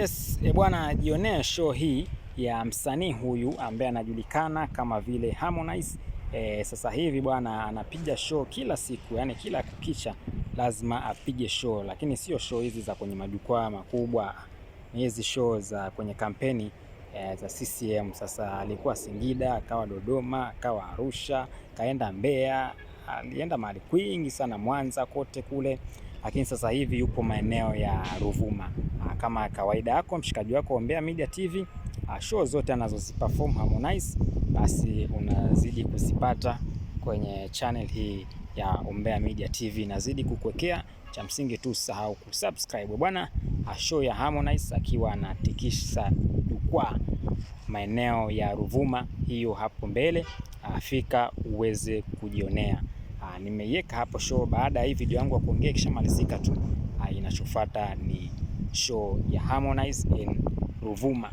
Yes, e bwana, jionea show hii ya msanii huyu ambaye anajulikana kama vile Harmonize. E, sasa hivi bwana anapiga show kila siku, yani kila kukicha lazima apige show, lakini sio show hizi za kwenye majukwaa makubwa, ni hizi show za kwenye kampeni e, za CCM. Sasa alikuwa Singida, akawa Dodoma, akawa Arusha, kaenda Mbeya, alienda mahali kwingi sana, Mwanza kote kule, lakini sasa hivi yupo maeneo ya Ruvuma kama kawaida yako mshikaji wako Ombea Media TV, ah, show zote anazoziperform Harmonize basi unazidi kuzipata kwenye channel hii ya Umbea Media TV. Nazidi kukuwekea cha msingi tu, usahau kusubscribe bwana. Ah, show ya Harmonize akiwa anatikisa jukwaa maeneo ya Ruvuma, hiyo hapo mbele, afika ah, uweze kujionea. Nimeiweka hapo show baada ya hii video yangu ya kuongea, ikishamalizika tu inachofuata ni show ya Harmonize in Ruvuma.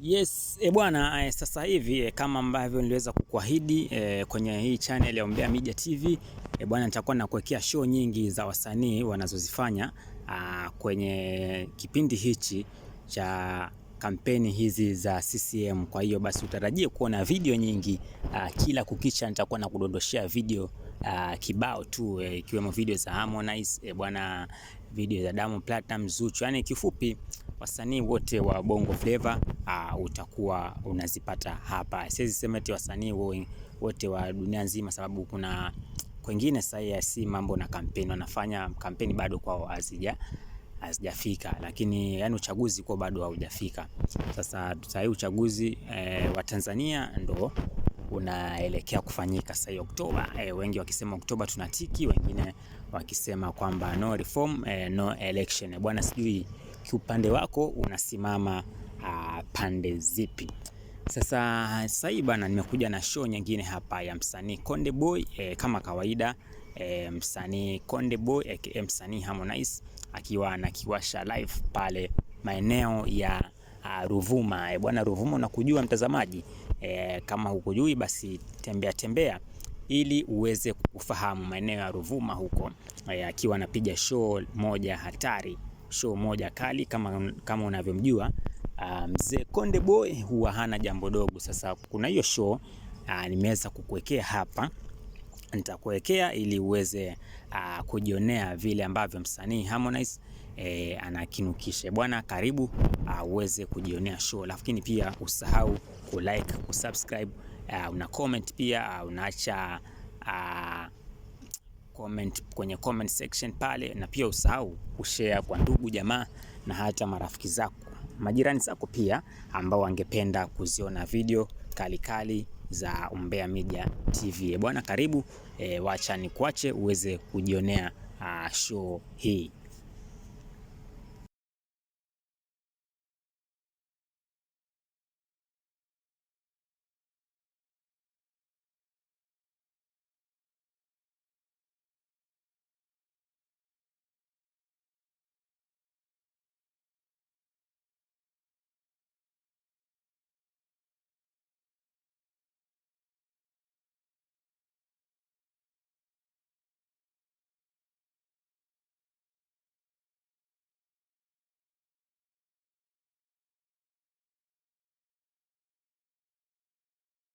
Yes, e bwana e, sasa hivi e, kama ambavyo niliweza kukuahidi e, kwenye hii channel ya Umbea Media TV e, bwana nitakuwa nakuwekea show nyingi za wasanii wanazozifanya a, kwenye kipindi hichi cha kampeni hizi za CCM. Kwa hiyo basi utarajie kuona video nyingi a, kila kukicha nitakuwa nakudondoshea video uh, kibao tu eh, ikiwemo video za Harmonize eh, bwana video za Diamond Platnumz Zuchu, yani kifupi wasanii wote wa Bongo Flava uh, utakuwa unazipata hapa. Siwezi sema eti wasanii wote wa dunia nzima, sababu kuna kwengine sasa si mambo na kampeni, wanafanya kampeni bado kwao hazija hazijafika lakini, yani uchaguzi kwa bado haujafika. Sasa sasa hii uchaguzi e, wa Tanzania ndo unaelekea kufanyika sasa hii Oktoba. E, wengi wakisema Oktoba tunatiki, wengine wakisema kwamba no reform, e, no election. Bwana, sijui kiupande wako unasimama a, ah, pande zipi? Sasa sasa hii bana, nimekuja na show nyingine hapa ya msanii Konde Boy e, kama kawaida e, msanii Konde Boy aka msanii Harmonize akiwa anakiwasha live pale maeneo ya uh, Ruvuma. E, bwana Ruvuma unakujua mtazamaji e, kama hukujui basi tembea tembea ili uweze kufahamu maeneo ya Ruvuma huko e, akiwa anapiga show moja hatari, show moja kali kama, kama unavyomjua ah, mzee um, Konde Boy huwa hana jambo dogo. Sasa kuna hiyo show uh, nimeweza kukuwekea hapa nitakuwekea ili uweze uh, kujionea vile ambavyo msanii Harmonize E, eh, anakinukishe bwana, karibu ah, uweze kujionea show, lakini pia usahau kulike, ku uh, una comment pia uh, unaacha uh, comment kwenye comment section pale, na pia usahau kushare kwa ndugu jamaa na hata marafiki zako, majirani zako pia ambao wangependa kuziona video kalikali kali za Umbea Media TV. Bwana, karibu e, wacha ni kuache uweze kujionea ah, show hii.